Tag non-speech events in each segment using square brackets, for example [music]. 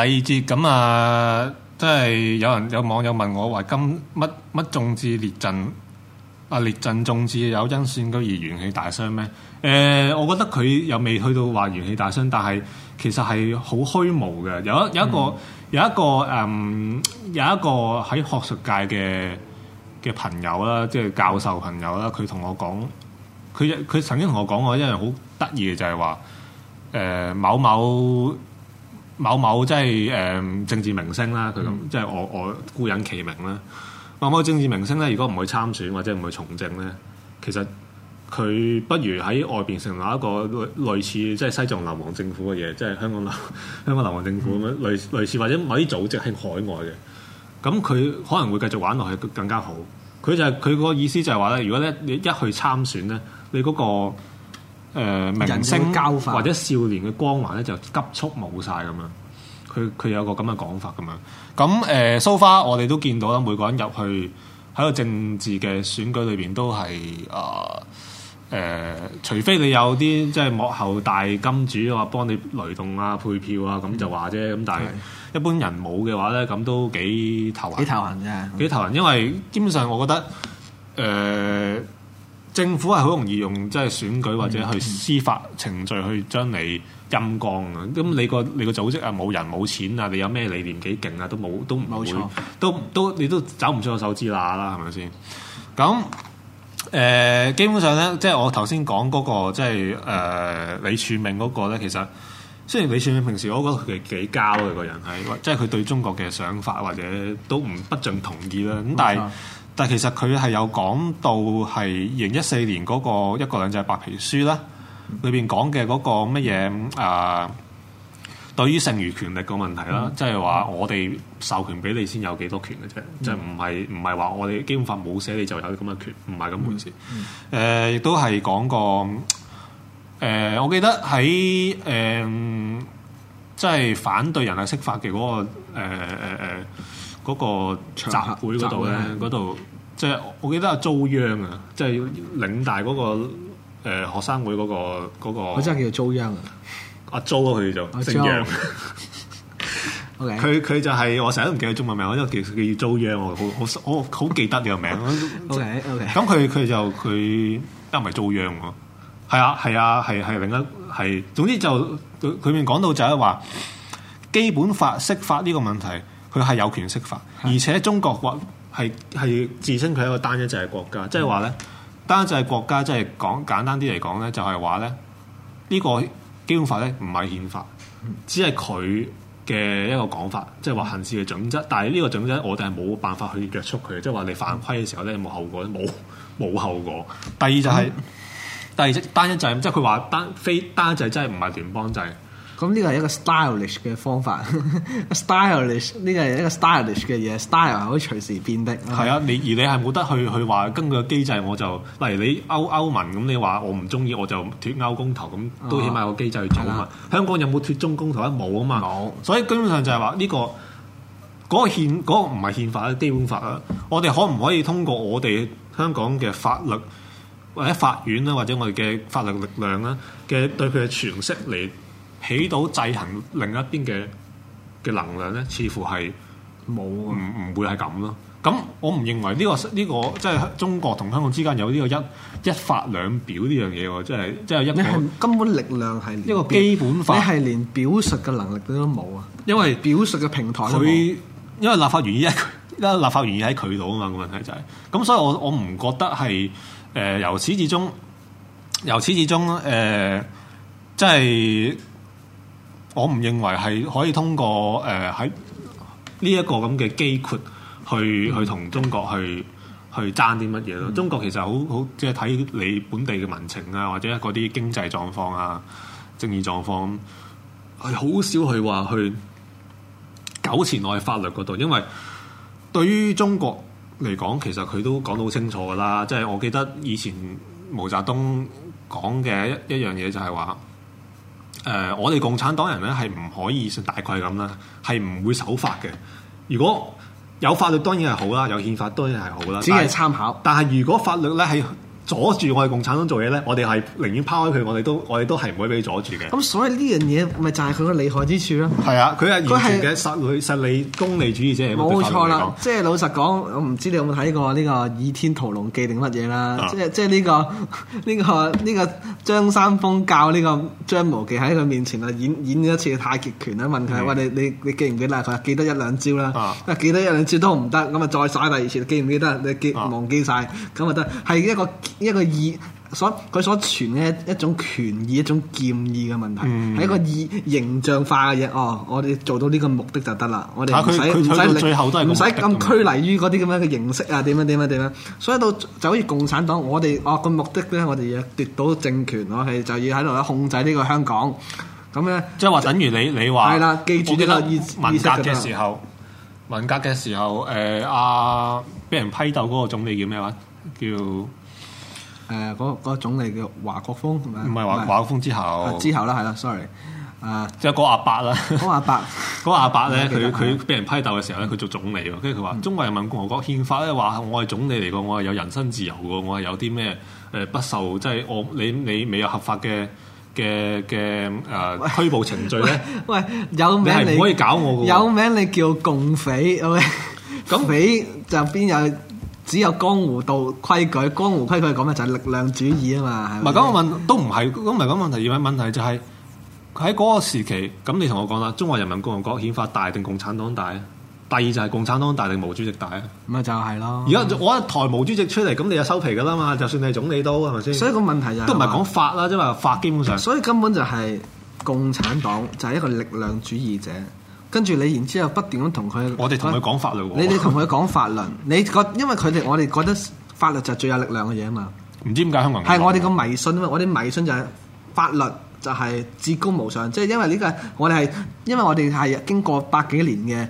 第二節咁啊，即係有人有網友問我話：今乜乜眾志列陣啊？列陣眾志有因居而元氣大傷咩？誒、呃，我覺得佢又未去到話元氣大傷，但係其實係好虛無嘅。有有一個、嗯、有一個誒、呃、有一個喺學術界嘅嘅朋友啦，即係教授朋友啦，佢同我講，佢佢曾經同我講過一樣好得意嘅，就係話誒某某。某某即係誒政治明星啦，佢咁，嗯、即係我我姑隱其名啦。某某政治明星咧，如果唔去參選或者唔去從政咧，其實佢不如喺外邊成立一個類似即係西藏流亡政府嘅嘢，即係香港流香港流亡政府咁樣類，嗯、類似或者某啲組織喺海外嘅，咁佢可能會繼續玩落去更加好。佢就係，是，佢個意思就係話咧，如果咧你一去參選咧，你嗰、那個誒，明星交或者少年嘅光環咧，就急速冇晒咁樣，佢佢有個咁嘅講法咁樣。咁誒、蘇、呃、花、 [music] so、我哋都見到啦，每個人入去喺個政治嘅選舉裏邊都係誒誒，除非你有啲即係幕後大金主啊，幫你雷動啊、配票啊咁就話啫。咁但係一般人冇嘅話咧，咁都幾頭幾頭痕啫，幾頭痕。嗯、因為基本上我覺得誒。呃政府係好容易用即係選舉或者去司法程序去將你陰光。啊、嗯！咁你個、嗯、你個組織啊冇人冇錢啊，你有咩理念幾勁啊都冇都唔會錯都都你都走唔出個手指罅啦，係咪先？咁誒、呃、基本上咧，即係我頭先講嗰個即係誒、呃、李柱銘嗰個咧，其實雖然李柱銘平時我覺得佢幾膠嘅個人係，即係佢對中國嘅想法或者都唔不盡同意啦。咁、嗯嗯、但係但其實佢係有講到係二零一四年嗰個一國兩制白皮書啦，裏邊講嘅嗰個乜嘢啊，對於剩餘權力個問題啦，即係話我哋授權俾你先有幾多權嘅啫，即係唔係唔係話我哋基本法冇寫你就有咁嘅權，唔係咁回事。誒、嗯，亦都係講個誒，我記得喺誒，即、呃、係、就是、反對人嘅釋法嘅嗰、那個誒誒、呃呃呃呃嗰個集會嗰度咧，嗰度即係我記得阿遭殃啊！即、就、係、是、嶺大嗰、那個誒、呃、學生會嗰、那個佢真係叫做遭殃啊！阿遭啊，佢叫做姓楊。佢佢 [laughs] Okay. 就係、是、我成日都唔記得中文名，我因為叫叫遭殃，我好好好記得呢個名。O K O K。咁佢佢就佢又唔係遭殃喎，係啊係啊係係另一係。總之就佢佢面講到就係、是、話基本法釋法呢、這個問題。.佢係有權釋法，而且中國國係係自稱佢係一個單一制、嗯、單制國家，即係話咧單一制國家即係講簡單啲嚟講咧，就係話咧呢個基本法咧唔係憲法，嗯、只係佢嘅一個講法，即係話行事嘅準則。但係呢個準則我哋係冇辦法去約束佢，即係話你犯規嘅時候咧有冇後果？冇冇後果。第二就係、是嗯、第二隻單一、就是、說說單單制，即係佢話單非單一制，真係唔係聯邦制。咁呢個係一個 stylish 嘅方法，stylish 呢個係一個 stylish 嘅嘢，style 係可以隨時變的。係啊的，你而你係冇得去去話根據個機制我我，我就例如你歐歐文咁，你話我唔中意，我就脫歐公投咁，都起碼有個機制要做啊嘛。的的香港有冇脫中公投一冇啊嘛。冇有，所以基本上就係話呢個嗰、嗰個憲唔係、嗰個、憲法啦，基本法啦。我哋可唔可以通過我哋香港嘅法律或者法院啦，或者我哋嘅法律力量啦嘅對佢嘅詮釋嚟？起到制衡另一邊嘅嘅能量咧，似乎係冇、啊，唔唔會係咁咯。咁我唔認為呢、這個呢、這個即係中國同香港之間有呢個一一法兩表呢樣嘢喎，即係即係一。你係根本力量係一個基本法，你係連表述嘅能力都冇啊！因為表述嘅平台佢，因為立法員依一立法員喺佢度啊嘛，個問題就係、是、咁，所以我我唔覺得係誒、呃、由始至終由始至終誒即係。我唔認為係可以通過誒喺呢一個咁嘅機括去、嗯、去同中國去去爭啲乜嘢咯。嗯、中國其實好好即係睇你本地嘅民情啊，或者嗰啲經濟狀況啊、政治狀況，係好少去話去糾纏落去法律嗰度。因為對於中國嚟講，其實佢都講到好清楚噶啦。即係我記得以前毛澤東講嘅一一,一樣嘢就係話。誒、呃，我哋共產黨人咧係唔可以，大概咁啦，係唔會守法嘅。如果有法律當然係好啦，有憲法當然係好啦，只係參考。但係如果法律咧係，阻住我哋共產黨做嘢咧，我哋係寧願拋開佢，我哋都我哋都係唔會俾佢阻住嘅。咁所以呢樣嘢，咪就係佢嘅厲害之處咯。係啊，佢係完全嘅實利是實利功利主義者。冇錯啦，即係老實講，我唔知你有冇睇過呢個《倚天屠龍記》定乜嘢啦？Huh. 即係即係呢個呢、這個呢、這個這個張三豐教呢、這個張無忌喺佢面前啊，演演一次太極拳啊，問佢，喂、uh huh.，你你你記唔記得？佢話記得一兩招啦，啊，記得一兩招、uh huh. 都唔得，咁啊再耍第二次，記唔記得？你記，記、uh huh. 忘記晒。咁啊得，係一個。一個意所佢所傳嘅一種權意一種建議嘅問題，係、嗯、一個意形象化嘅嘢哦。我哋做到呢個目的就得啦。我哋唔使唔使咁拘泥於嗰啲咁樣嘅形式啊，點樣點樣點樣。所以到就好似共產黨，我哋哦個目的咧，我哋要奪到政權，我哋就要喺度控制呢個香港。咁咧，即係話等於你你話係啦，記住啦，文革嘅時候，文革嘅時候，誒阿俾人批鬥嗰個總理叫咩話？叫誒嗰嗰總理叫華國鋒，係咪？唔係華華國鋒之後，之後啦係啦，sorry。誒，即係嗰阿伯啦。嗰阿伯，嗰阿伯咧，佢佢俾人批鬥嘅時候咧，佢做總理喎。跟住佢話《中華人民共和國憲法》咧話我係總理嚟嘅，我係有人身自由嘅，我係有啲咩誒不受即係我你你未有合法嘅嘅嘅誒拘捕程序咧。喂，有名你唔可以搞我嘅。有名你叫共匪，咁匪就邊有？只有江湖道規矩，江湖規矩講嘅就係力量主義啊嘛，係唔係咁，我問都唔係咁，唔係講問題。而係問題就係喺嗰個時期，咁你同我講啦，中華人民共和國憲法大定共產黨大啊？第二就係共產黨大定毛主席大啊？咪就係咯。而家在、嗯、我一台毛主席出嚟，咁你就收皮噶啦嘛。就算你係總理都係咪先？是是所以個問題就係、都唔係講法啦，即係話，法基本上。所以根本就係共產黨就係一個力量主義者。跟住你然之後不斷咁同佢，我哋同佢講法律喎。你哋同佢講法律，你覺得因為佢哋我哋覺得法律就最有力量嘅嘢啊嘛。唔知點解香港人，係我哋個迷信啊嘛，我哋迷信就係法律就係至高無上，即係因為呢個我哋係因為我哋係經過百幾年嘅。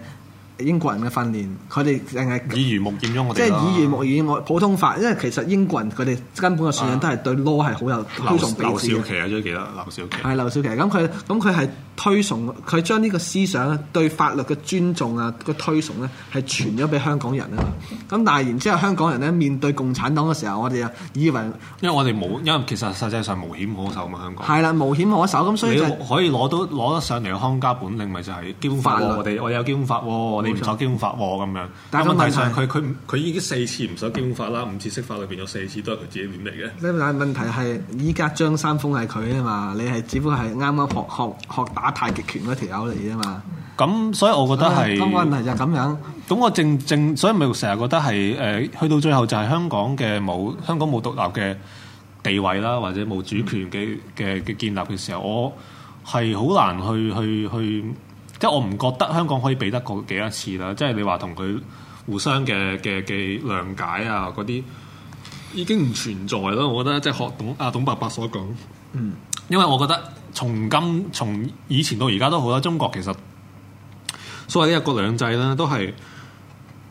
英國人嘅訓練，佢哋淨係耳濡目染咗我哋即係耳濡目染，我普通法，因為其實英國人佢哋根本嘅信仰都係對 law 係好有推崇，奇、啊、奇奇推崇。劉少奇啊，最記得劉少奇。係劉少奇，咁佢咁佢係推崇佢將呢個思想咧，對法律嘅尊重啊，嘅推崇咧，係傳咗俾香港人啊嘛。咁但係然之後，香港人咧，面對共產黨嘅時候，我哋啊以為因為我哋冇，因為其實實際上無險可守嘛香港。係啦，無險可守咁，所以、就係、可以攞到攞得上嚟嘅康家本領，咪就係基本法喎。法律。我哋我有基本法喎。唔守基本法喎咁樣，但係問題係佢佢佢已經四次唔守基本法啦，五次釋法裏邊有四次都係佢自己點嚟嘅。你但係問題係依家張三豐係佢啊嘛，你係只不過係啱啱學學學打太極拳嗰條友嚟啊嘛。咁所以我覺得係。咁問題就係咁樣。咁我正正，所以咪成日覺得係誒，去到最後就係香港嘅冇香港冇獨立嘅地位啦，或者冇主權嘅嘅嘅建立嘅時候，我係好難去去去。即係我唔覺得香港可以俾得過幾多次啦，即係你話同佢互相嘅嘅嘅諒解啊，嗰啲已經唔存在啦。我覺得即係學董阿、啊、董伯伯所講，嗯，因為我覺得從今從以前到而家都好啦，中國其實所謂一國兩制啦，都係。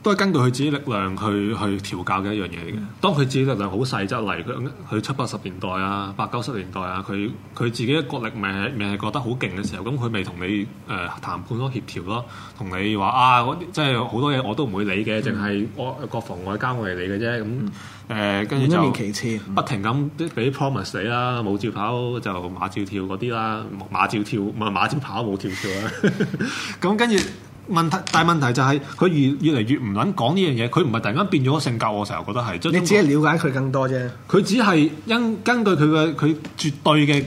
都係根據佢自己力量去去調教嘅一樣嘢嚟嘅。當佢自己力量好細質嚟，佢七八十年代啊，八九十年代啊，佢佢自己嘅國力咪咪係覺得好勁嘅時候，咁佢咪同你誒、呃、談判咯、協調咯，同你話啊，即係好多嘢我都唔會理嘅，淨係、嗯、國防外交我嚟理嘅啫。咁、嗯、誒，跟住、嗯呃、就不停咁俾 promise 你啦，冇、嗯、照跑就馬照跳嗰啲啦，馬照跳唔係 [laughs] 馬照跑冇跳跳啦。咁跟住。問題，但係問題就係、是、佢越越嚟越唔撚講呢樣嘢，佢唔係突然間變咗性格，我成日覺得係。你只係了解佢更多啫。佢只係因根據佢嘅佢絕對嘅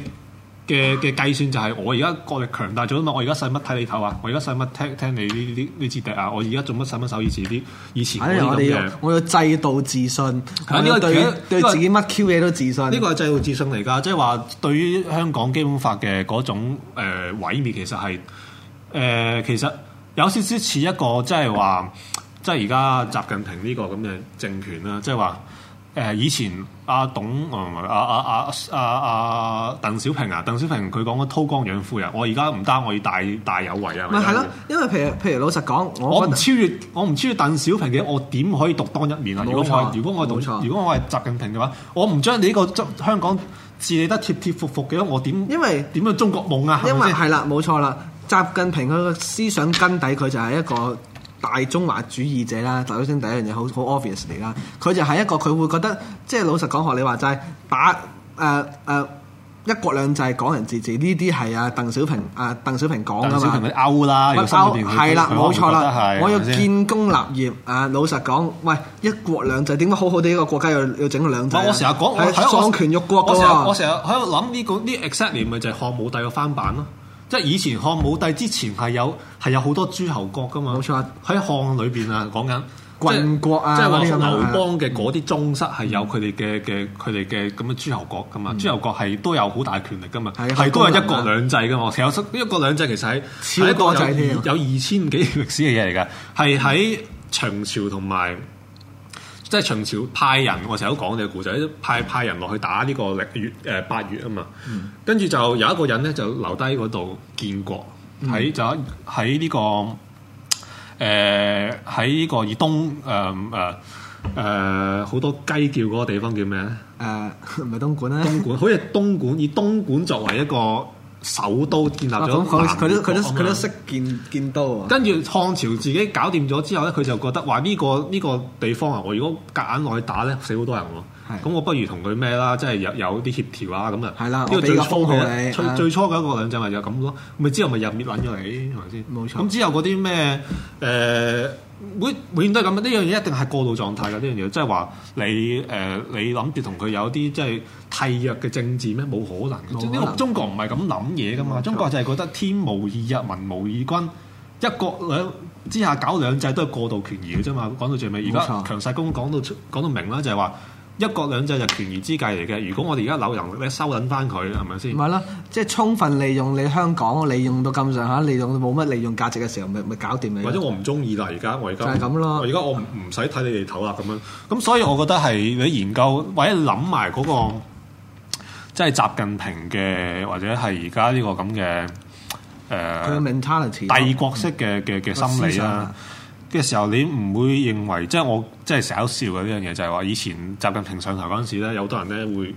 嘅嘅計算、就是，就係我而家國力強大咗嘛？我而家使乜睇你頭啊？我而家使乜聽聽你呢啲呢啲支笛啊？我而家做乜使乜守？以前啲以前嗰啲嘢？我嘅制度自信，呢個的對為對自己乜 Q 嘢都自信。呢個係制度自信嚟㗎，即係話對於香港基本法嘅嗰種誒、呃、毀滅其、呃，其實係誒其實。有少少似一個即係話，即係而家習近平呢個咁嘅政權啦，即係話誒以前阿、啊、董啊啊啊啊啊鄧小平啊，鄧小平佢講緊韜光養晦啊，我而家唔單我要大大有為啊，咪係咯？因為譬如譬如老實講，我唔超越我唔超，超越鄧小平嘅，我點可以獨當一面啊冇錯如果，如果我冇錯如果我係如果我係習近平嘅話，我唔將你呢個香港治理得貼貼服服嘅，我點因為點樣中國夢啊？係係因為係啦，冇錯啦。習近平佢個思想根底，佢就係一個大中華主義者啦。首先第一樣嘢好好 obvious 嚟啦。佢就係一個佢會覺得，即係老實講學你話齋，打誒誒、呃呃、一國兩制，港人自治治呢啲係啊，鄧小平啊，鄧小平講啊嘛。鄧小平咪 out 啦，係啦把，冇錯啦，我要建功立業啊！嗯、老實講，喂，一國兩制點解好好地一個國家又要整個兩制？我成日講，係喪權辱國噶嘛。我成日喺度諗呢個呢 exactly 咪就係漢武帝個翻版咯。即係以前漢武帝之前係有係有好多諸侯國噶嘛，冇錯喺漢裏邊啊講緊、啊、郡國啊，即係話劉邦嘅嗰啲宗室係有佢哋嘅嘅佢哋嘅咁嘅諸侯國噶嘛，諸、嗯、侯國係都有好大權力噶嘛，係、嗯、都係一國兩制噶嘛，其實、嗯、一國兩制其實喺喺個有有二千幾歷史嘅嘢嚟㗎，係喺秦朝同埋。即係秦朝派人，我成日都講嘅故仔，派派人落去打呢個越誒，呃、百越啊嘛，跟住、嗯、就有一個人咧就留低嗰度建國。喺就喺呢個誒喺呢個以東誒誒誒好多雞叫嗰個地方叫咩咧？誒唔係東莞咧？啊，東莞好似東莞以東莞作為一個。首都建立咗、啊，佢都佢都佢都識建建都。到啊、跟住漢朝自己搞掂咗之後，咧，佢就覺得話呢、這個呢、這個地方啊，我如果夾硬落去打咧，死好多人咁我不如同佢咩啦，即係有有啲協調啊咁啊，呢個的最初嘅最初嘅一個兩制咪就咁咯，咪之後咪入搣揾咗你，係咪先？冇錯，咁錯之後嗰啲咩誒每永遠都係咁啊？呢樣嘢一定係過渡狀態嘅呢樣嘢，即係話你誒、呃、你諗住同佢有啲即係契約嘅政治咩？冇可能，呢、這個中國唔係咁諗嘢噶嘛，錯中國就係覺得天無二日，民無二君，一國兩之下搞兩制都係過渡權宜嘅啫嘛。講到最尾，而家在錯強世功講到出講到明啦，就係、是、話。一國兩制就權宜之計嚟嘅。如果我哋而家扭人咧收緊翻佢，係咪先？唔係啦，即係充分利用你香港，利用到咁上下，利用到冇乜利用價值嘅時候，咪咪搞掂你。或者我唔中意啦，而家我而家就係咁咯。而家我唔使睇你哋頭啦咁樣。咁所以我覺得係你研究或者諗埋嗰個，即係習近平嘅或者係而家呢個咁嘅誒，佢嘅 mentality 帝國式嘅嘅嘅心理啊。嘅時候，你唔會認為，即係我即係成日笑嘅呢樣嘢，就係話以前習近平上台嗰陣時咧，有好多人咧會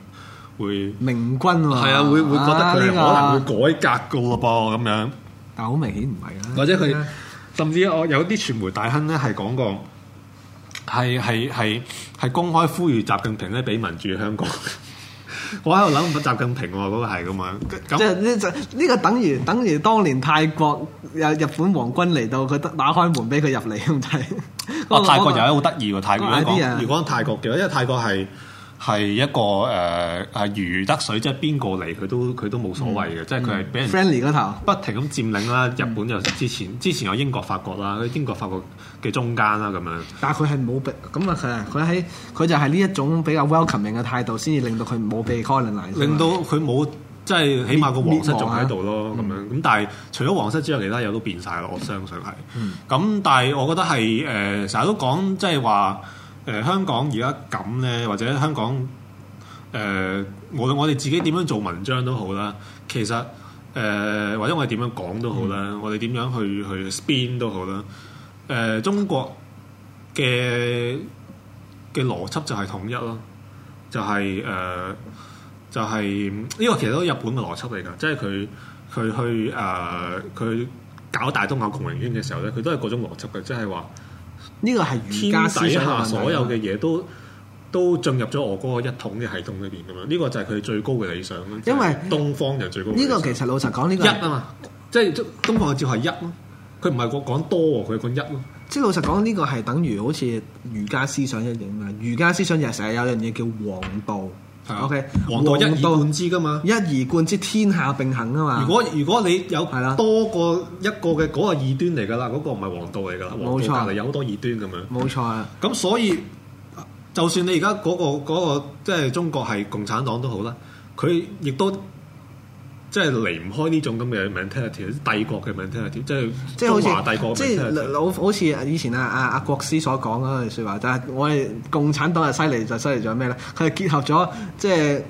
會明君喎，係啊，啊，會會覺得佢可能會改革㗎喇噃咁樣。但係好明顯唔係啊。或者佢甚至我有啲傳媒大亨咧，係講過係係係係公開呼籲習近平咧俾民主香港。我喺度諗唔係習近平喎，嗰個係咁樣！即係呢就呢個等於等於當年泰國有日本皇軍嚟到，佢打開門俾佢入嚟咁睇。 [laughs] 那個、啊！泰國人好得意喎，泰國啲人如果泰國嘅，因為泰國係。係一個誒誒、呃、如魚得水，即係邊個嚟佢都佢都冇所謂嘅，嗯、即係佢係俾人 friendly 嗰頭，不停咁佔領啦。嗯、日本就之前之前有英國、法國啦，英國法國嘅中間啦咁樣。但係佢係冇俾咁啊！佢佢喺佢就係呢一種比較 welcome 人嘅態度，先至令到佢冇被 colonial。令到佢冇即係起碼個皇室仲喺度咯，咁樣咁。但係除咗皇室之外，其他嘢都變晒啦。我相信係。嗯。咁但係我覺得係誒成日都講即係話。就是誒、呃、香港而家咁咧，或者香港誒、呃，無論我哋自己點樣做文章都好啦，其實誒、呃、或者我哋點樣講都好啦，嗯、我哋點樣去去 spin 都好啦。誒、呃、中國嘅嘅邏輯就係統一咯，就係、是、誒、呃、就係、是、呢、這個其實都日本嘅邏輯嚟噶，即係佢佢去誒佢、呃、搞大東亞共榮圈嘅時候咧，佢都係各種邏輯嘅，即係話。呢個係家底下所有嘅嘢都、啊、都進入咗我嗰個一統嘅系統裏邊噶嘛？呢、這個就係佢最高嘅理想咯。因為東方就最高，呢個其實老實講呢個一啊嘛，即係東東方照係一咯，佢唔係講多喎，佢講一咯。即係老實講呢個係等於好似儒家思想一樣啊！儒家思想就係成日有樣嘢叫王道。係，OK，王道一以貫之㗎嘛，一以貫之天下並行㗎嘛。如果如果你有係啦，多過一個嘅嗰、那個異端嚟㗎啦，嗰、那個唔係王道嚟㗎啦，王道隔離有好多異端咁樣。冇錯啊、嗯。咁所以，就算你而家嗰個嗰、那個即係、就是、中國係共產黨都好啦，佢亦都。即係離唔開呢種咁嘅 mentality，帝國嘅 mentality，即係即係好似即係老好似以前阿阿阿國師所講嗰句説話，即係我哋共產黨係犀利就犀利，咗咩咧？佢係結合咗即係。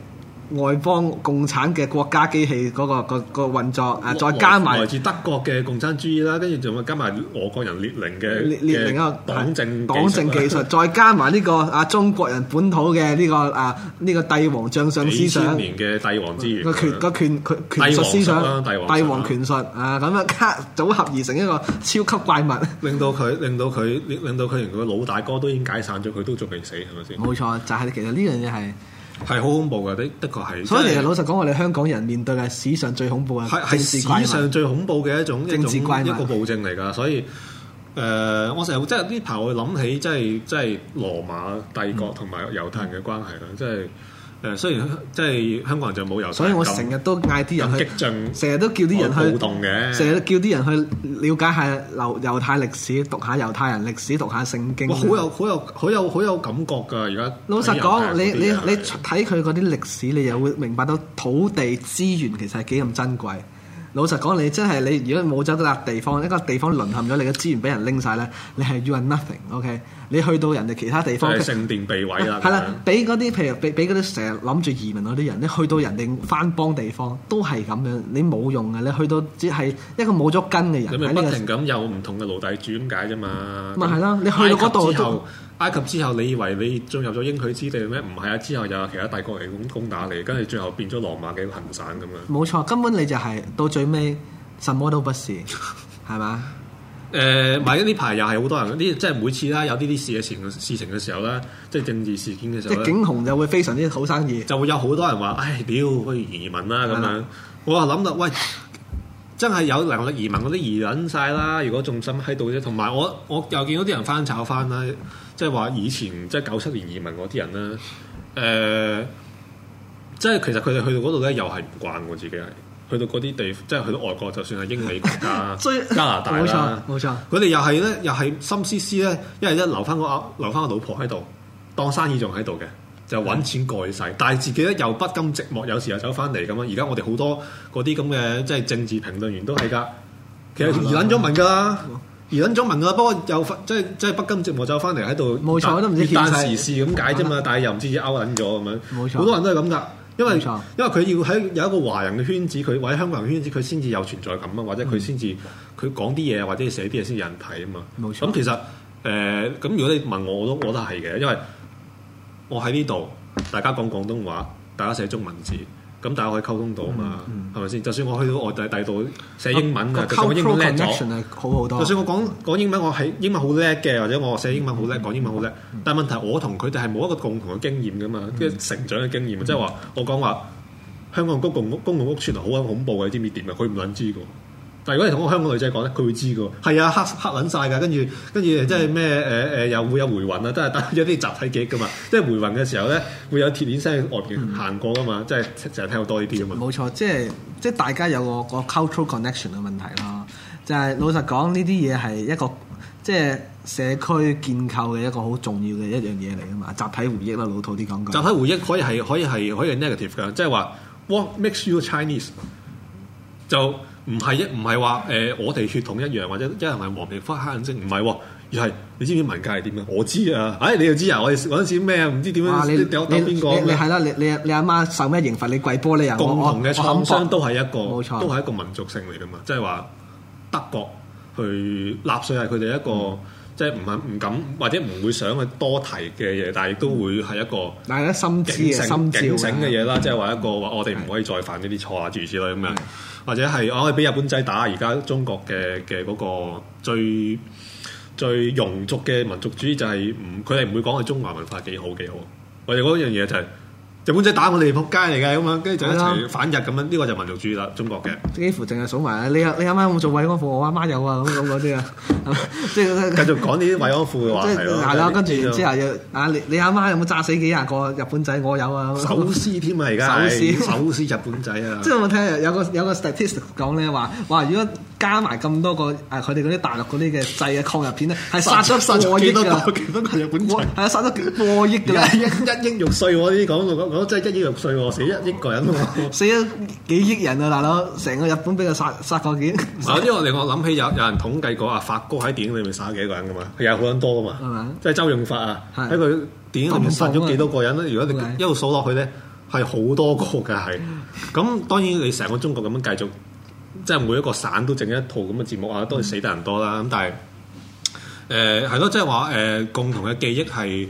外邦共產嘅國家機器嗰、那個個、那個運作啊，我再加埋來自德國嘅共產主義啦，跟住仲要加埋俄國人列寧嘅黨政黨政技術， [laughs] 再加埋呢、這個啊中國人本土嘅呢、這個啊呢、這個帝王將相思想幾千年嘅帝王之源，個權個權權術思想帝王、啊帝，王啊、帝王權術啊咁樣加組合而成一個超級怪物， [laughs] 令到佢令到佢令到佢連佢老大哥都已經解散咗，佢都仲未死係咪先？冇錯，就係、是、其實呢樣嘢係。係好恐怖㗎，的的確係。所以其實老實講，我哋香港人面對嘅係史上最恐怖嘅政治怪物，係係史上最恐怖嘅一種政治怪物，一,一個暴政嚟㗎。所以，誒、呃，我成日即係呢排會諗起，即係即係羅馬帝國同埋猶太人嘅關係啦，即係、嗯。誒，雖然、嗯、即係香港人就冇油水，所以我成日都嗌啲人去激進，成日都叫啲人去互動嘅，成日都叫啲人去了解下猶猶太歷史，讀下猶太人歷史，讀下聖經，我有好有好有好有好有感覺㗎！而家老實講，你你你睇佢嗰啲歷史，你就會明白到土地資源其實係幾咁珍貴。老實講，你真係你，如果冇咗笪地方，一個地方淪陷咗，你嘅資源俾人拎晒咧，你係 you are nothing，OK？、Okay? 你去到人哋其他地方，聖殿被毀啦。係啦、啊，俾嗰啲譬如俾俾嗰啲成日諗住移民嗰啲人，你去到人哋番邦地方都係咁樣，你冇用嘅。你去到只係一個冇咗根嘅人，不，不停咁有唔同嘅奴隸主咁解啫嘛。咪係咯，你去到嗰度都。埃、啊、及之後，你以為你進入咗應許之地咩？唔係啊！之後又有其他大國嚟攻攻打你，跟住最後變咗羅馬嘅行省咁樣。冇錯，根本你就係、是、到最尾什麼都不是，係嘛 [laughs] 吧？誒、呃，咪呢排又係好多人嗰啲，即係每次啦，有呢啲事嘅事事情嘅時候啦，即係政治事件嘅時候，景鴻就會非常之好生意，就會有好多人話，唉，屌，不如移民啦咁樣。的我啊諗啦，喂。真係有能力移民嗰啲移民晒啦！如果仲心喺度啫，同埋我我又見到啲人翻炒翻啦，即係話以前即係九七年移民嗰啲人啦，誒、呃，即係其實佢哋去到嗰度咧，又係唔慣我自己係去到嗰啲地方，即係去到外國，就算係英美國家、 [laughs] 以加拿大冇錯冇錯，佢哋又係咧，又係心思思咧，一係咧留翻、嗰個留翻個老婆喺度，當生意仲喺度嘅。就揾錢蓋曬，但係自己咧又不甘寂寞，有時又走翻嚟咁啊！而家我哋好多嗰啲咁嘅，即係政治評論員都係噶，其實移撚咗民噶啦，移撚咗民噶啦，不過又即係即係不甘寂寞走翻嚟喺度，冇錯都唔知越淡時事咁解啫嘛，但係又唔知自勾捻咗咁樣，冇錯，好多人都係咁噶，因為因為佢要喺有一個華人嘅圈子，佢或者香港人圈子，佢先至有存在感啊，或者佢先至佢講啲嘢，或者寫啲嘢先有人睇啊嘛，冇錯。咁其實誒，咁如果你問我，我都覺得係嘅，因為。我喺呢度，大家講廣東話，大家寫中文字，咁大家可以溝通到嘛，係咪先？就算我去到外地第二度寫英文嘅，啊、就算我英文英文好叻咗，就算我講講英文，我係英文好叻嘅，或者我寫英文好叻，講英文好叻，嗯嗯、但係問題我同佢哋係冇一個共同嘅經驗噶嘛，即、就、跟、是、成長嘅經驗，即係話我講話香港公共屋公，公共屋邨係好恐怖嘅，你知唔知點啊？佢唔想知㗎。但如果你同個香港女仔講咧，佢會知嘅喎。係啊，黑黑撚晒㗎，跟住跟住即係咩誒誒，又、呃呃、會有回魂啊，都係大家有啲集體記憶嘅嘛。即係回魂嘅時候咧，會有鐵鏈聲喺外邊行過啊嘛，嗯、即係成日聽到多呢啲啊嘛。冇錯，即係即係大家有個個 cultural connection 嘅問題咯。就係、是、老實講，呢啲嘢係一個即係社區建構嘅一個好重要嘅一樣嘢嚟啊嘛。集體回憶啦，老土啲講句。集體回憶可以係可以係可以，可以，可以 negative 噶，即係話 What makes you Chinese 就。就唔係一唔係話誒，我哋血統一樣，或者一樣係黃皮膚、黑眼睛，唔係喎，而係你知唔知文革係點嘅？我知啊，唉、哎，你又知啊？我哋嗰陣時咩啊？唔知點樣？你你你係啦，你你你阿媽，媽受咩刑罰？你跪玻璃你又共同嘅創傷都係一個，冇錯，都係一個民族性嚟噶嘛，即係話德國去納粹係佢哋一個，即係唔係唔敢，敢或者唔會想去多提嘅嘢，但係都會係一個，大家心知啊，警醒嘅嘢啦，即係話一個話，我哋唔可以再犯呢啲錯啊，諸如此類咁樣。嗯嗯或者係我、啊、可以畀日本仔打，而家中國嘅嘅嗰個最最庸俗嘅民族主義就係唔，佢哋唔會講係中華文化幾好幾好，我哋嗰樣嘢就係、是。日本仔打我哋仆街嚟嘅咁樣，跟住就一齊反日咁樣，呢個就民族主義啦，中國嘅。幾乎淨係數埋你阿你阿媽有冇做慰安婦？我阿媽有啊，咁嗰啲啊，即係繼續講呢啲慰安婦嘅話係啦，跟住之後又啊，你你阿媽有冇炸死幾廿個日本仔？我有啊。手撕添啊，而家手撕手撕日本仔啊！即係我聽有個有個 statistic 講咧，話，哇！如果加埋咁多個誒，佢哋嗰啲大陸嗰啲嘅製嘅抗日片咧，係殺咗了過億嘅，幾多，個，多個日本？係啊，殺出過億嘅？一億億肉碎喎，呢啲講到咁，我真係一億肉碎喎，死一億個人喎，死咗幾億人啊！大佬，成個日本俾佢殺殺過幾個？嗱、啊，呢、呢個我諗起有有人統計過啊，發哥喺電影裏面殺咗幾多個人㗎嘛？有好多人多嘛？嗎即係周潤發啊，喺佢嗎電影裏面殺咗幾多個人咧？啊、如果你一路數落去咧，係好多個㗎，係咁 [laughs] 當然你成個中國咁樣繼續。即係每一個省都整一套咁嘅節目啊，當然死得人多啦。咁但係誒係咯，即係話誒共同嘅記憶係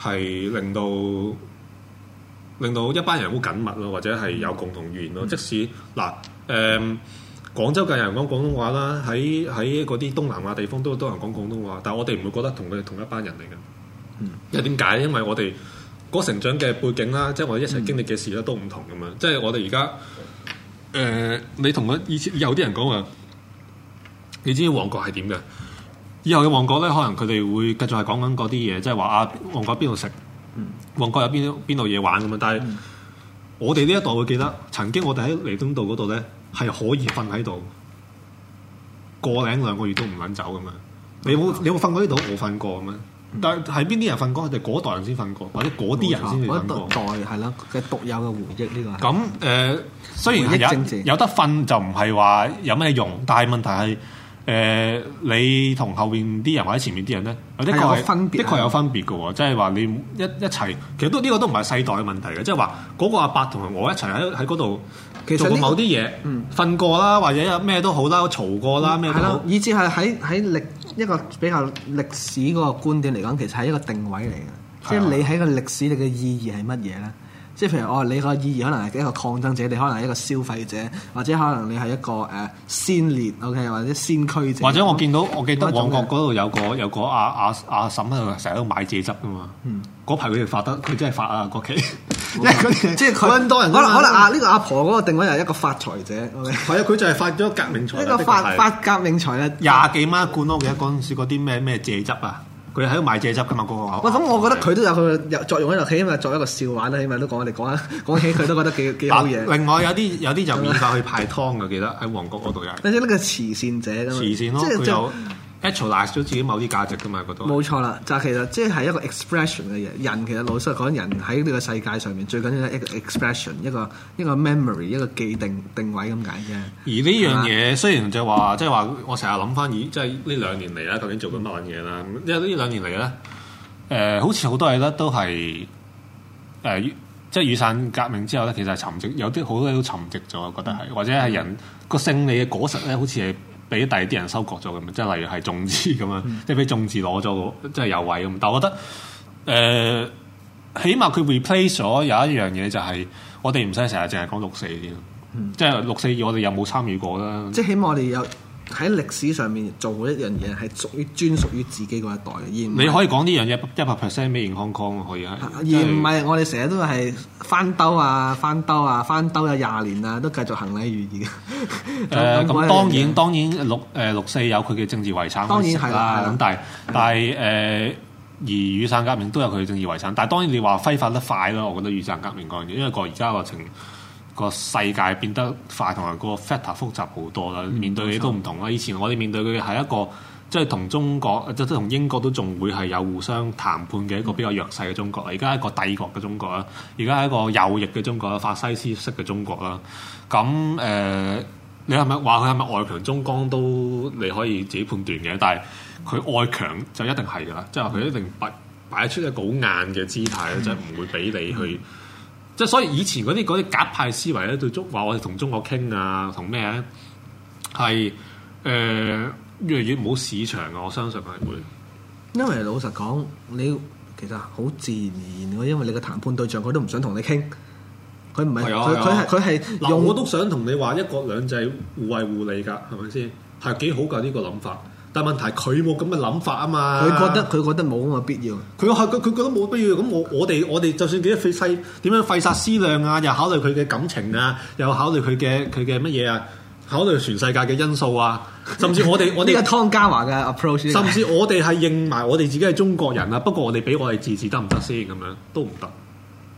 係令到令到一班人好緊密咯，或者係有共同語言咯。嗯、即使嗱誒、呃、廣州嘅人講廣東話啦，喺喺嗰啲東南亞地方都多人講廣東話，但係我哋唔會覺得同佢哋同一班人嚟嘅。嗯、因為點解？因為我哋嗰成長嘅背景啦，即、就、係、是、我哋一齊經歷嘅事咧都唔同咁樣。即係、嗯、我哋而家。誒、呃，你同個以前有啲人講話，你知唔知旺角係點嘅？以後嘅旺角咧，可能佢哋會繼續係講緊嗰啲嘢，即係話啊，旺角邊度食，旺角有邊邊度嘢玩咁啊！但係、嗯、我哋呢一代會記得，嗯、曾經我哋喺彌敦道嗰度咧，係可以瞓喺度，過個零兩個月都唔捻走咁啊！你有、嗯、你有瞓過呢度？我瞓過咁啊！但係喺邊啲人瞓過？定嗰代人先瞓過，或者嗰啲人先瞓過？一代係啦，佢獨有嘅回憶呢、呢個。咁誒、呃，雖然有有得瞓就唔係話有咩用，但係問題係誒、呃、你同後邊啲人或者前面啲人咧，有啲確係的確有分別，的確有分別嘅喎，即係話你一一齊，其實都呢、呢個都唔係世代嘅問題嘅，即係話嗰個阿伯同我一齊喺喺嗰度。其實做過某啲嘢，瞓、嗯、過啦，或者咩都好啦，嘈過啦，咩都好。都好，嗯、以至係喺喺歷一個比較歷史個觀點嚟講，其實係一個定位嚟嘅，是的 即係你喺個歷史你嘅意義係乜嘢咧？即係譬如哦，你個意義可能係一個抗爭者，你可能係一個消費者，或者可能你係一個誒先烈，OK，或者先驅者。或者我見到我記得旺角嗰度有個有個阿阿阿嬸喺度成日喺度買蔗汁噶嘛，嗰排佢哋發得，佢真係發啊國企。哎即係佢好多人，可能可能阿呢個阿婆嗰個定位又係一個發財者，係啊，佢就係發咗革命財。呢個發發革命財啊，廿幾蚊一罐咯，嗰陣時啲咩咩蔗汁啊，佢喺度賣蔗汁噶嘛個個。喂，咁我覺得佢都有佢作用喺度，起碼啊嘛，作一個笑話啦，起碼都講我哋講啊講起佢都覺得幾幾好嘢。另外有啲有啲就免費去派湯嘅，記得喺旺角嗰度有。嗱，且呢個慈善者慈善咯，佢有。actualize 咗自己某啲價值㗎嘛？覺得冇錯啦，就係其實即係一個 expression 嘅嘢。人其實老實講，人喺呢個世界上面最緊要係一個 expression，一個一個 memory，一個既定定位咁解啫。而呢樣嘢雖然就話即係話，我成日諗翻，咦，即係呢兩年嚟啦，究竟做緊乜嘢啦？因為呢兩年嚟咧，誒、呃，好似好多嘢咧都係誒、呃，即係雨傘革命之後咧，其實係沉寂，有啲好多嘢都沉寂咗，我覺得係，或者係人個勝利嘅果實咧，好似係。俾第二啲人收割咗咁即係，例如係眾志咁啊，嗯、即係俾眾志攞咗，即、就、係、是、有位咁。但係我覺得，誒、呃，起碼佢 replace 咗有一樣嘢，就係、是、我哋唔使成日淨係講六四啲即係六四我哋有冇參與過啦。嗯、即係起碼我哋有。喺歷史上面做一樣嘢係屬於專屬於自己嗰一代嘅，而你可以講呢樣嘢一百 percent 俾袁康講可以啊。而唔係我哋成日都係翻兜啊翻兜啊翻兜，有廿年啊都繼續行禮如儀嘅。誒咁當然當然六誒、呃、六四有佢嘅政治遺產，當然係啦。咁但係的但係誒、呃、而雨傘革命都有佢嘅政治遺產，但係當然你話揮發得快咯，我覺得雨傘革命嗰樣，因為而家個情。個世界變得快同埋個 factor 複雜好多啦，嗯、面對佢都唔同啦。嗯、以前我哋面對佢係一個即係同中國即係同英國都仲會係有互相談判嘅一個比較弱勢嘅中國，而家係一個帝國嘅中國啦，而家係一個右翼嘅中國啦，法西斯式嘅中國啦。咁誒，嗯、你係咪話佢係咪外強中幹都你可以自己判斷嘅？但係佢外強就一定係㗎啦，即係佢一定擺擺出一個好硬嘅姿態啦，即係唔會俾你去。嗯嗯即係所以以前嗰啲嗰啲鴿派思維咧，對中話我哋同中國傾啊，同咩咧係誒越嚟越冇市場嘅，我相信係會。因為老實講，你其實好自然而然嘅，因為你嘅談判對象佢都唔想同你傾，佢唔係佢佢係佢係用我都想同你話一國兩制互惠互利㗎，係咪先？係幾好㗎呢個諗法。但問題佢冇咁嘅諗法啊嘛，佢覺得佢覺得冇咁嘅必要，佢佢佢覺得冇必要，咁我我哋我哋就算幾多費西點樣費煞思量啊，又考慮佢嘅感情啊，又考慮佢嘅佢嘅乜嘢啊，考慮全世界嘅因素啊，甚至我哋我呢個 [laughs] 湯家華嘅 approach，甚至我哋係認埋我哋自己係中國人啊， [laughs] 不過我哋俾我哋自治得唔得先？咁樣都唔得。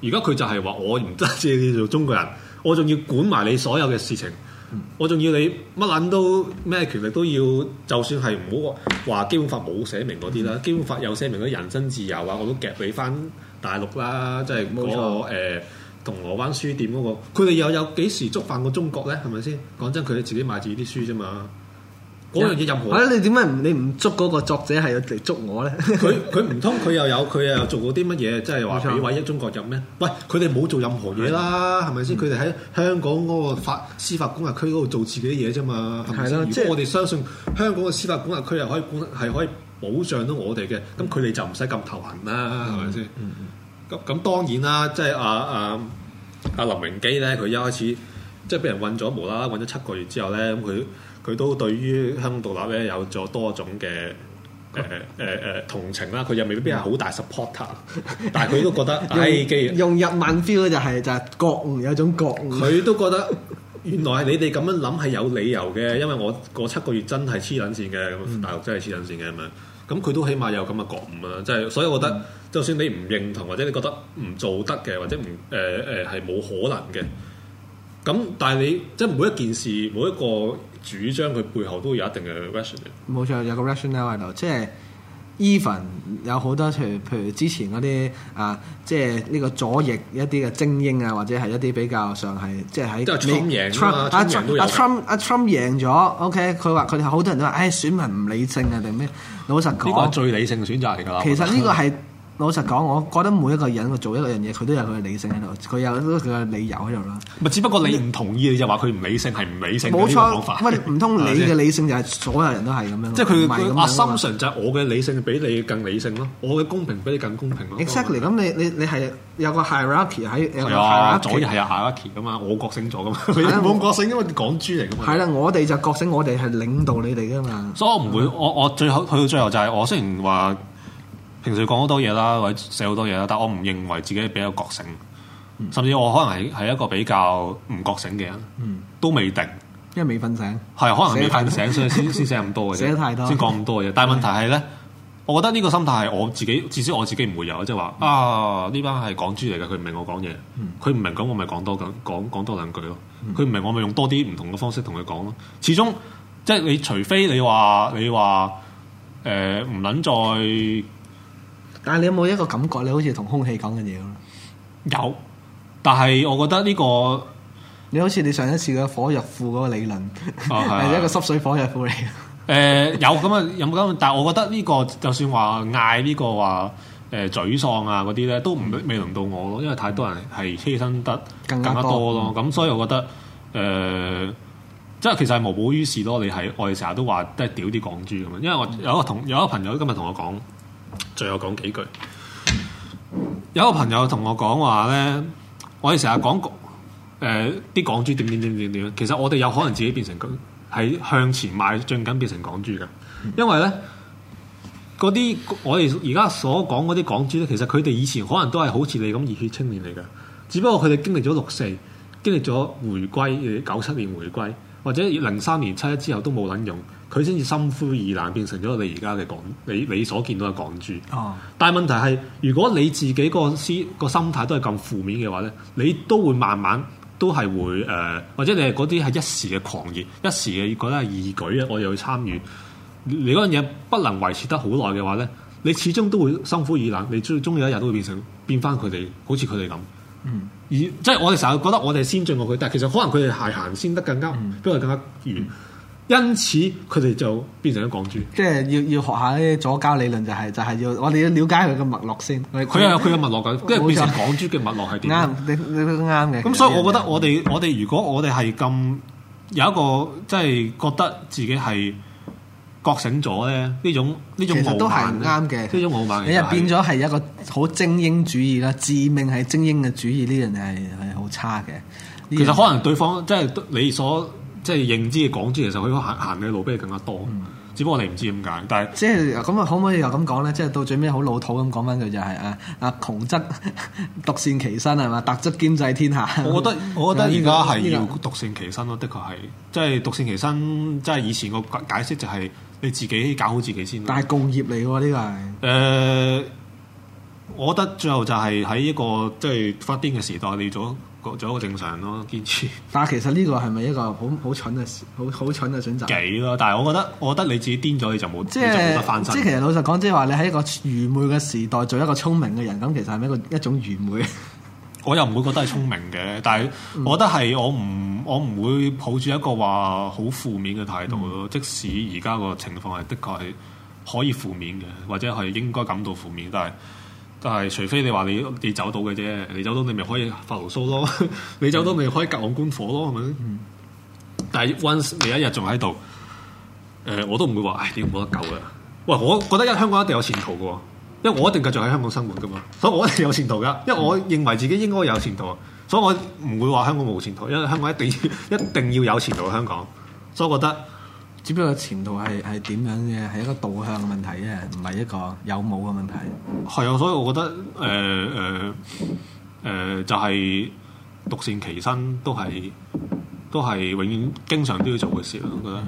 而家佢就係話我唔得即係叫做中國人，我仲要管埋你所有嘅事情。嗯、我仲要你乜撚都咩權力都要，就算係唔好話基本法冇寫明嗰啲啦，嗯、基本法有寫明嗰啲人身自由啊，我都夾俾翻大陸啦、啊，即係嗰、嗰個誒冇錯、欸、銅鑼灣書店嗰、嗰個，佢哋又有幾時觸犯過中國咧？係咪先？講真，佢哋自己買自己啲書啫嘛。嗰樣嘢任何，嚇、啊、你點解你唔捉嗰個作者係嚟捉我咧？佢佢唔通佢又有佢又有做過啲乜嘢？即係話俾委一中國入咩？喂！佢哋冇做任何嘢啦，係咪先？佢哋喺香港嗰個法司法管轄區嗰度做自己嘢啫嘛，係咪先？即如果我哋相信香港嘅司法管轄區又可以保係可以保障到我哋嘅，咁佢哋就唔使咁頭痕啦，係咪先？咁咁、嗯嗯嗯、當然啦，即係阿阿阿林榮基咧，佢一開始即係俾人韞咗，無啦啦韞咗七個月之後咧，咁、嗯、佢。嗯嗯嗯嗯佢都對於香港獨立咧，有咗多種嘅誒誒誒同情啦，佢又未必係好大 supporter，但係佢都覺得係 [laughs] 用，哎、用日文 feel 就係、是、就係、是、覺悟，有一種覺悟。佢都覺得原來係你哋咁樣諗係有理由嘅，因為我嗰七個月真係黐撚線嘅，咁大陸真係黐撚線嘅咁樣，咁佢、嗯、都起碼有咁嘅覺悟啊！即、就、係、是、所以，我覺得就算你唔認同或者你覺得唔做得嘅，或者唔誒誒係冇可能嘅，咁但係你即係每一件事每一個。主張佢背後都會有一定嘅 rationale 冇錯，有個 rationale 喺度，即係 even 有好多，譬如譬如之前嗰啲啊，即係呢個左翼一啲嘅精英啊，或者係一啲比較上係即係喺朗啊啊啊 Trump 啊 Trump 贏咗，OK，佢話佢哋好多人都話，誒、哎、選民唔理性啊定咩？老實講，呢個係最理性選擇嚟㗎。其實呢個係。老實講，我覺得每一個人做一樣嘢，佢都有佢嘅理性喺度，佢有佢嘅理由喺度啦。咪只不過你唔同意，你就話佢唔理性係唔理性冇錯嘅講法。喂，唔通你嘅理性就係所有人都係咁樣？即係佢佢啊，assumption 就係我嘅理性比你更理性咯，我嘅公平比你更公平咯。Exactly，咁你你你係有個 hierarchy 喺係啊，左翼係有 hierarchy 噶嘛，我覺醒咗噶嘛，冇 [laughs] 他們、啊、覺醒因為港豬嚟噶嘛。係啦、啊，我哋就覺醒，我哋係領導你哋噶嘛。所以我唔會，我我最後去到最後就係、是、我雖然話。平時講好多嘢啦，或者寫好多嘢啦。但係我唔認為自己比較覺醒，嗯、甚至我可能係係一個比較唔覺醒嘅人，嗯、都未定，因為未瞓醒係可能未瞓醒，所以先先寫咁多嘅，寫太多先講咁多嘅。但係問題係咧，嗯、我覺得呢個心態係我自己至少我自己唔會有，即係話啊呢班係港豬嚟嘅，佢唔明我講嘢，佢唔明咁我咪講多咁講多兩句咯。佢唔明我咪用多啲唔同嘅方式同佢講咯。始終即係你除非你話你話誒唔捻再。但係你有冇一個感覺？你好似同空氣講嘅嘢咁有，但係我覺得呢、這個你好似你上一次嘅火藥庫嗰個理論，係、哦、 [laughs] 一個濕水火藥庫嚟。誒，有咁啊，有冇咁？但係我覺得呢、這個就算話嗌呢個話誒沮喪啊嗰啲咧，都唔未輪到我咯，因為太多人係犧牲得更加多咯。咁所以我覺得誒，呃嗯、即係其實係無補於事咯。你係我哋成日都話即係屌啲港豬咁啊！因為我有一個同有一個朋友今日同我講。最後講幾句，有一個朋友同我講話咧，我哋成日講誒、啲、呃、港豬點點點點點，其實我哋有可能自己變成係向前邁進緊，變成港豬㗎，因為咧，嗰啲我哋而家所講嗰啲港豬咧，其實佢哋以前可能都係好似你咁熱血青年嚟㗎，只不過佢哋經歷咗六四，經歷咗回歸，呃，九七年回歸。或者零三年七一之後都冇撚用，佢先至心灰意冷，變成咗你而家嘅港，你你所見到嘅港珠。哦、啊，但係問題係，如果你自己個思、個心態都係咁負面嘅話咧，你都會慢慢都係會誒、呃，或者你係嗰啲係一時嘅狂熱，一時嘅覺得係義舉啊，我又去參與。你嗰樣嘢不能維持得好耐嘅話咧，你始終都會心灰意冷，你最終有一日都會變成變翻佢哋，好似佢哋咁。嗯，而即係、就是、我哋成日覺得我哋先進去過佢，但係其實可能佢哋係行先得更加，不過、嗯、更加遠。嗯、因此佢哋就變成咗港豬。即係要要學一下啲左膠理論、就是，就係就係要我哋要了解佢嘅脈絡先。佢他有佢有脈絡嘅，即係錯變成港豬嘅脈絡係點？啱錯，你你都啱嘅。咁所以，我覺得我哋我哋如果我哋係咁有一個即係覺得自己係，覺醒咗咧呢種呢種，其實都係唔啱嘅，呢種傲慢。你又變咗係一個好精英主義啦，致命係精英嘅主義，呢樣嘢係係好差嘅。其實可能對方、嗯、即係你所即係認知嘅廣度，其實佢行行嘅路比你更加多、嗯只不過我哋唔知點解，但係即係咁、就是、啊！可唔可以又咁講咧？即係到最尾好老土咁講翻佢就係啊啊窮則呵呵獨善其身係嘛，達則兼濟天下。我覺得、 [laughs] 這個、我覺得依家係要獨善其身咯，這個、的確係即係獨善其身。即係以前個解釋就係你自己搞好自己先。但係共業嚟喎，呢、這個係誒、呃，我覺得最後就係喺一個即係發癲嘅時代嚟咗。你做一個正常咯，堅持。但係其實呢個係咪一個好好蠢嘅好好蠢嘅選擇？幾咯？但係我覺得，我覺得你自己癲咗，你就冇，是你就冇得翻身。即係其實老實講，即係話你喺一個愚昧嘅時代，做一個聰明嘅人，咁其實係咪一個一種愚昧？我又唔會覺得係聰明嘅， [laughs] 但係我覺得係我唔我唔會抱住一個話好負面嘅態度咯。嗯、即使而家個情況係的確係可以負面嘅，或者係應該感到負面，但係。係，除非你話你你走到嘅啫，你走到你咪可以發牢騷咯，你走到咪可以隔岸觀火咯，係咪？嗯、但係 once 你一日仲喺度，誒、呃、我都唔會話，唉，你冇得救嘅。喂，我覺得一香港一定有前途嘅，因為我一定繼續喺香港生活噶嘛，所以我一定有前途嘅，因為我認為自己應該有前途啊。所以我唔會話香港冇前途，因為香港一定要一定要有前途香港，所以我覺得。只不過前途係係點樣嘅，係一個導向嘅問題啫，唔係一個有冇嘅問題。係啊，所以我覺得誒誒誒，就係、是、獨善其身都係都係永遠經常都要做嘅事咯。我覺得係。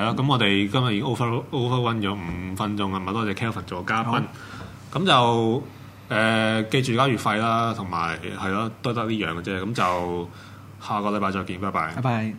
係咯、嗯，咁我哋今日已經 over overrun 咗五分鐘啊！唔該多謝 Calvin 做嘉賓。咁好就誒、呃，記住交月費啦，同埋係咯，多得呢樣嘅啫。咁就下個禮拜再見，拜拜。拜拜。